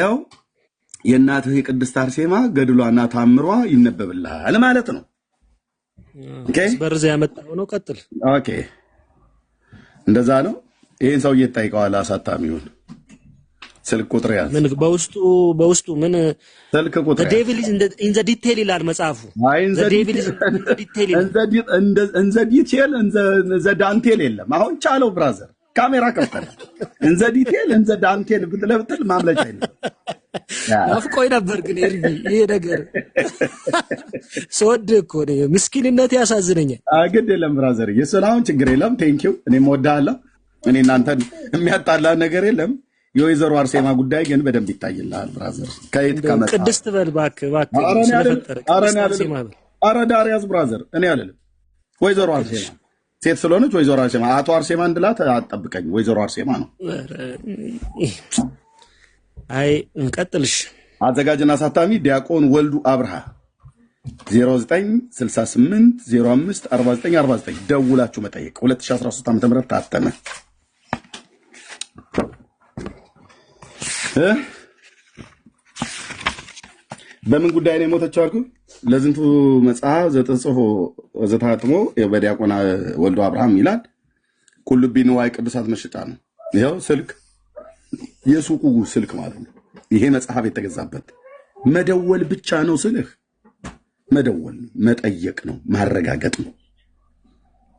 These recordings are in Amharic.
ያው የእናትህ የቅድስት አርሴማ ገድሏና ታምሯ ይነበብልሃል ማለት ነው። በርዘ ያመጣው ነው። ቀጥል። ኦኬ፣ እንደዛ ነው። ይህን ሰውዬ ትጠይቀዋለህ። አሳታሚውን ስልክ ቁጥር ያዝ። ምን በውስጡ በውስጡ ምን ስልክ ቁጥር ያዝ። ዴቪል ኢን ዘ ዲቴል ይላል መጽሐፉ። ዘ ዴቪል ኢን ዘ ዲቴል፣ ኢን ዘ ዳንቴል የለም። አሁን ቻለው ብራዘር ካሜራ ከፍተናል። እንዘ ዲቴል እንዘ ዳንቴል ብትለብትል ማምለጫ የለም። ናፍቆኝ ነበር ግን ኤርሚ፣ ይሄ ነገር ስወድህ እኮ ምስኪንነት ያሳዝነኛል። ግድ የለም ብራዘር፣ የስላሁን ችግር የለም። ቴንኪው እኔም ወድሃለሁ። እኔ እናንተን የሚያጣላ ነገር የለም። የወይዘሮ አርሴማ ጉዳይ ግን በደንብ ይታይልሃል ብራዘር። ከየት ከመጣ ቅድስት በል እባክህ፣ እባክህ ስለፈጠረ ቅድስት አርሴማ ኧረ ዳር ብራዘር፣ እኔ አልልም ወይዘሮ አርሴማ ሴት ስለሆነች ወይዘሮ አርሴማ አቶ አርሴማ እንድላት አጠብቀኝ። ወይዘሮ አርሴማ ነው። አይ እንቀጥልሽ። አዘጋጅና አሳታሚ ዲያቆን ወልዱ አብርሃ 0968054949 ደውላችሁ መጠየቅ 2013 ዓ.ም ታተመ። በምን ጉዳይ ነው የሞተችው አልኩ። ለዝንቱ መጽሐፍ ዘተጽፎ ዘታትሞ በዲያቆና ወልዶ አብርሃም ይላል። ቁልቢ ንዋይ ቅዱሳት መሸጫ ነው። ይኸው ስልክ የሱቁ ስልክ ማለት ነው። ይሄ መጽሐፍ የተገዛበት መደወል ብቻ ነው ስልህ፣ መደወል ነው፣ መጠየቅ ነው፣ ማረጋገጥ ነው።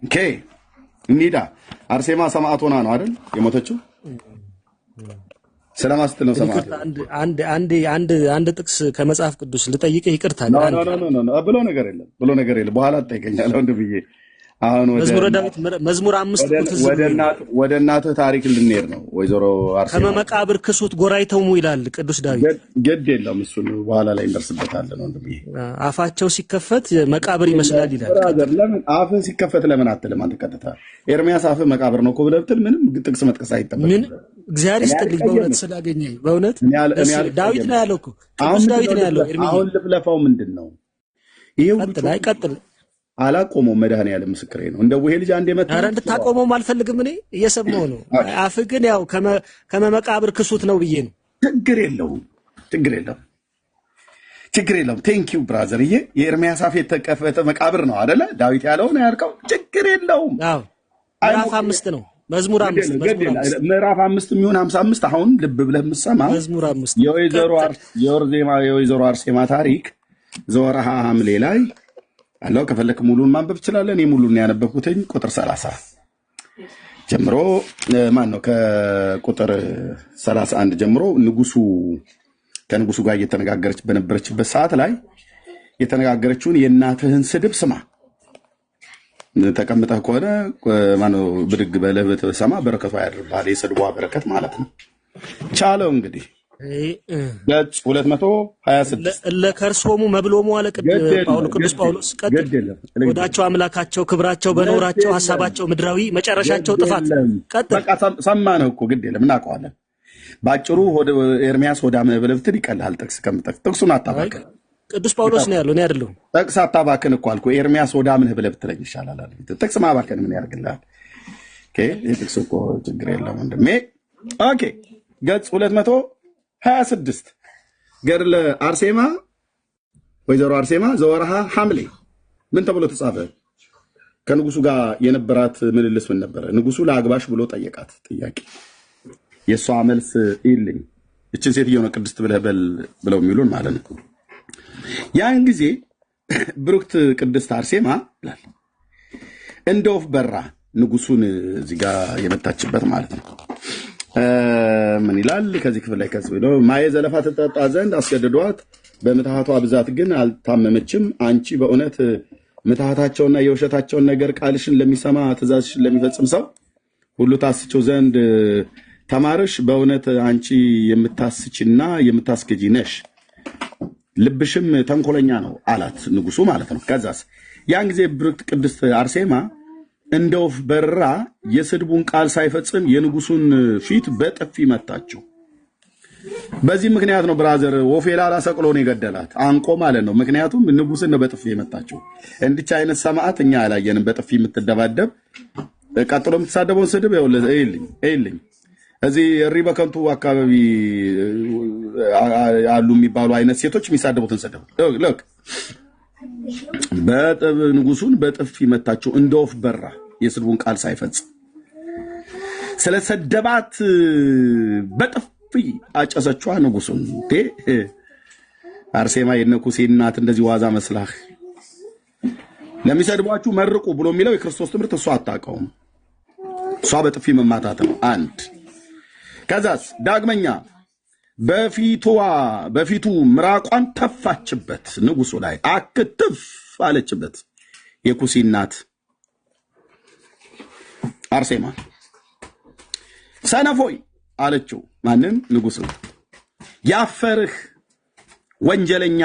ኦኬ አርሴማ ሰማዕት ሆና ነው አይደል የሞተችው? ሰላም ስለማስጥል ነው። ሰማት አንድ አንድ ጥቅስ ከመጽሐፍ ቅዱስ ልጠይቅህ፣ ይቅርታ ብሎ ነገር የለም ብሎ ነገር የለም። በኋላ ትጠይቀኛለህ ወንድ ብዬ አሁን መዝሙር አምስት ወደ እናትህ ታሪክ ልንሄድ ነው። ወይዘሮ ከመቃብር ክሱት ጎራይተውሙ ይላል ቅዱስ ዳዊት። ግድ የለም እሱ በኋላ ላይ እንደርስበታለን ወንድ አፋቸው ሲከፈት መቃብር ይመስላል ይላል። አፍ ሲከፈት ለምን አትልም? አንተ ቀጥታ ኤርሚያስ አፍ መቃብር ነው እኮ ብለህ ብትል ምንም ጥቅስ መጥቀስ አይጠበቅም። እግዚአብሔር ይስጥልኝ በእውነት ስላገኘኝ። በእውነት ዳዊት ነው ያለው ቅዱስ ዳዊት ነው ያለው። አሁን ልፍለፋው ምንድን ነው ይሄ? ቀጥል። አይ ቀጥል። አላቆመውም። ምስክሬ ነው። እንደው ይሄ ልጅ አንድ የመጣ ኧረ እንድታቆመውም አልፈልግም። እኔ እየሰማው ነው። አፍ ግን ያው ከመመቃብር ክሱት ነው ብዬ ነው። ችግር የለውም፣ ችግር የለውም፣ ችግር የለውም። ቴንኪው ብራዘር። እዬ የኤርሚያስ አፍ የተከፈተ መቃብር ነው አደለ? ዳዊት ያለውን ያልከው ችግር የለውም። ምዕራፍ አምስት ነው መዝሙር አምስት ምዕራፍ አምስት የሚሆን ሀምሳ አምስት አሁን ልብ ብለህ የምትሰማ የወይዘሮ አርሴማ ታሪክ ዘወርሃ ሐምሌ ላይ አለው። ከፈለክ ሙሉን ማንበብ ትችላለህ። እኔ ሙሉን ያነበብኩትኝ ቁጥር ሰላሳ ጀምሮ ማን ነው ከቁጥር ሰላሳ አንድ ጀምሮ ንጉሱ ከንጉሱ ጋር እየተነጋገረች በነበረችበት ሰዓት ላይ የተነጋገረችውን የእናትህን ስድብ ስማ ተቀምጠህ ከሆነ ማነው ብድግ በለህ ብትሰማ በረከቱ ያድርብሃል። የስድቧ በረከት ማለት ነው። ቻለው እንግዲህ ገጽ ሁለት መቶ ሀያ ስድስት ለከርሶሙ መብሎሙ አለ ቅዱስ ጳውሎስ። ቀጥል ወዳቸው አምላካቸው ክብራቸው በኖራቸው ሀሳባቸው ምድራዊ መጨረሻቸው ጥፋት። ቀጥል ሰማነው እኮ ግድ የለም እናውቀዋለን። በአጭሩ ኤርሚያስ ወደ ብለህ ብትል ይቀልሃል። ጥቅስ ከምጠቅስ ጥቅሱን አታባቅ ቅዱስ ጳውሎስ ነው ያለው፣ እኔ አይደለሁም። ጠቅስ አታባክን እኮ አልኩህ። ኤርሚያስ ወደ አምንህ ብለህ ብትለኝ ይሻላል። ጥቅስ ማባከን ምን ያደርግልሃል? የጥቅስ እኮ ችግር የለም ወንድሜ። ኦኬ ገጽ ሁለት መቶ ሀያ ስድስት ገድለ አርሴማ ወይዘሮ አርሴማ ዘወርሃ ሐምሌ ምን ተብሎ ተጻፈ? ከንጉሱ ጋር የነበራት ምልልስ ምን ነበረ? ንጉሱ ለአግባሽ ብሎ ጠየቃት ጥያቄ። የእሷ መልስ ይልኝ። እችን ሴትዮ ነው ቅድስት ብለህ በል ብለው የሚሉን ማለት ነው። ያን ጊዜ ብሩክት ቅድስት አርሴማ ይላል እንደ ወፍ በራ ንጉሱን እዚህ ጋር የመታችበት ማለት ነው። ምን ይላል ከዚህ ክፍል ላይ ከጽ ማየ ዘለፋ ትጠጣ ዘንድ አስገድዷት፣ በምትሃቷ ብዛት ግን አልታመመችም። አንቺ በእውነት ምትሃታቸውና የውሸታቸውን ነገር ቃልሽን ለሚሰማ ትእዛዝሽን ለሚፈጽም ሰው ሁሉ ታስችው ዘንድ ተማርሽ። በእውነት አንቺ የምታስችና የምታስገጂ ነሽ። ልብሽም ተንኮለኛ ነው አላት ንጉሱ ማለት ነው። ከዛስ ያን ጊዜ ብርክት ቅድስት አርሴማ እንደ ወፍ በራ የስድቡን ቃል ሳይፈጽም የንጉሱን ፊት በጥፊ መታችው። በዚህ ምክንያት ነው ብራዘር ወፌላላ ነው የገደላት አንቆ ማለት ነው። ምክንያቱም ንጉስን ነው በጥፊ የመታችው። እንዲች አይነት ሰማዕት እኛ አላየንም። በጥፊ የምትደባደብ ቀጥሎ የምትሳደበውን ስድብ ይልኝ እዚህ እሪ በከንቱ አካባቢ አሉ የሚባሉ አይነት ሴቶች የሚሳደቡትን ሰደቡ። በጥብ ንጉሱን በጥፊ መታቸው፣ እንደ ወፍ በራ የስድቡን ቃል ሳይፈጽም ስለ ሰደባት በጥፊ አጨሰቿ ንጉሱን። እንዴ አርሴማ የነኩሴ እናት እንደዚህ ዋዛ መስላህ ለሚሰድቧችሁ መርቁ ብሎ የሚለው የክርስቶስ ትምህርት እሷ አታውቀውም። እሷ በጥፊ መማታት ነው። አንድ ከዛስ ዳግመኛ በፊቷ በፊቱ ምራቋን ተፋችበት፣ ንጉሱ ላይ አክትፍ አለችበት። የኩሲ እናት አርሴማ ሰነፎይ አለችው። ማንን? ንጉሱ ያፈርህ ወንጀለኛ፣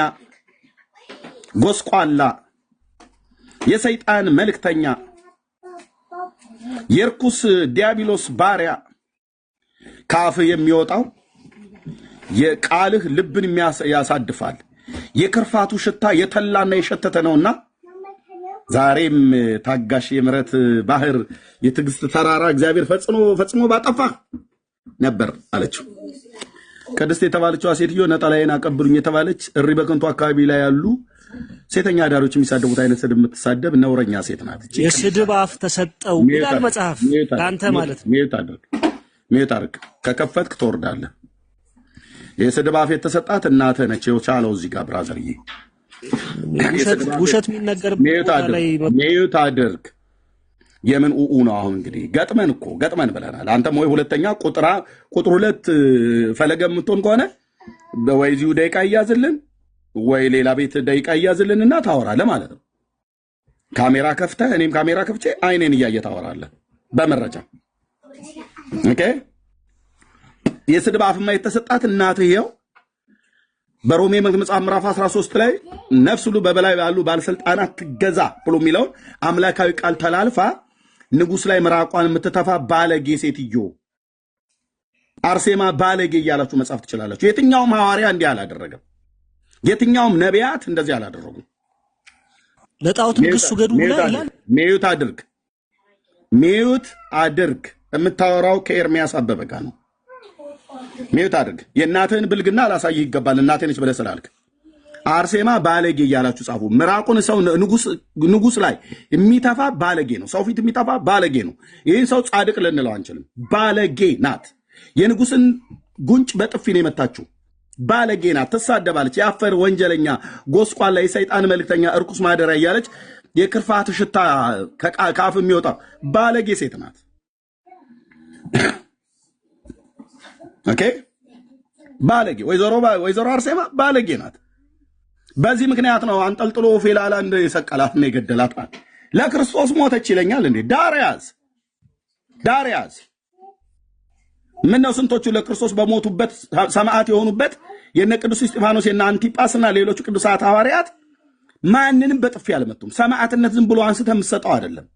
ጎስቋላ፣ የሰይጣን መልእክተኛ፣ የርኩስ ዲያብሎስ ባሪያ ከአፍህ የሚወጣው የቃልህ ልብን ያሳድፋል። የክርፋቱ ሽታ የተላና የሸተተ ነውና ዛሬም ታጋሽ የምረት ባህር የትዕግስት ተራራ እግዚአብሔር ፈጽሞ ፈጽሞ ባጠፋ ነበር አለችው። ቅድስት የተባለችዋ ሴትዮ ነጠላዬን አቀብሉኝ የተባለች እሪ በከንቱ አካባቢ ላይ ያሉ ሴተኛ አዳሪዎች የሚሳደቡት አይነት ስድብ የምትሳደብ ነውረኛ ሴት ናት። የስድብ አፍ ተሰጠው ይላል መጽሐፍ። ለአንተ ማለት ነው። ሜዩት አድርግ፣ ሜዩት አድርግ። ከከፈትክ ትወርዳለህ። የስድብ አፍ የተሰጣት እናትህ ነች። የቻለው እዚህ ጋር ብራዘርዬ ውሸት የሚነገርሜዩት አድርግ የምን ኡኡ ነው? አሁን እንግዲህ ገጥመን እኮ ገጥመን ብለናል። አንተም ወይ ሁለተኛ ቁጥራ ቁጥር ሁለት ፈለገ የምትሆን ከሆነ ወይ እዚሁ ደቂቃ እያዝልን ወይ ሌላ ቤት ደቂቃ እያዝልን እና ታወራለህ ማለት ነው። ካሜራ ከፍተህ እኔም ካሜራ ከፍቼ አይኔን እያየ ታወራለህ በመረጃ ኦኬ የስድብ አፍማ የተሰጣት እናት ይኸው በሮሜ መልእክት መጽሐፍ ምዕራፍ 13 ላይ ነፍስ ሁሉ በበላይ ያሉ ባለስልጣናት ትገዛ ብሎ የሚለውን አምላካዊ ቃል ተላልፋ ንጉሥ ላይ ምራቋን የምትተፋ ባለጌ ሴትዮ አርሴማ ባለጌ እያላችሁ መጻፍ ትችላላችሁ። የትኛውም ሐዋርያ እንዲህ አላደረገም። የትኛውም ነቢያት እንደዚህ አላደረጉም። ለጣዖትም ክሱ ገዱ ሚዩት አድርግ ሚዩት አድርግ። የምታወራው ከኤርሚያስ አበበ ጋር ነው። ሚዩት አድርግ። የእናትህን ብልግና አላሳይህ ይገባል። እናቴ ነች ብለህ ስላልክ አርሴማ ባለጌ እያላችሁ ጻፉ። ምራቁን ሰው ንጉስ ላይ የሚተፋ ባለጌ ነው። ሰው ፊት የሚተፋ ባለጌ ነው። ይህን ሰው ጻድቅ ልንለው አንችልም። ባለጌ ናት። የንጉስን ጉንጭ በጥፊ ነው የመታችሁ። ባለጌ ናት። ትሳደባለች። የአፈር ወንጀለኛ፣ ጎስቋላ፣ የሰይጣን መልክተኛ፣ እርኩስ ማደሪያ እያለች የክርፋት ሽታ ከአፍ የሚወጣ ባለጌ ሴት ናት። ኦኬ ባለጌ ወይዘሮ ወይዘሮ አርሴማ ባለጌ ናት። በዚህ ምክንያት ነው አንጠልጥሎ ፌላላ እንደ የሰቀላትና የገደላት ማለት ለክርስቶስ ሞተች ይለኛል እንዴ? ዳርያዝ ዳርያዝ ምነው ስንቶቹ ለክርስቶስ በሞቱበት ሰማዕት የሆኑበት የነ ቅዱስ እስጢፋኖስ የነ አንቲጳስና ሌሎቹ ቅዱሳት ሐዋርያት ማንንም በጥፊ አልመቱም። ሰማዕትነት ዝም ብሎ አንስተ የምትሰጠው አይደለም።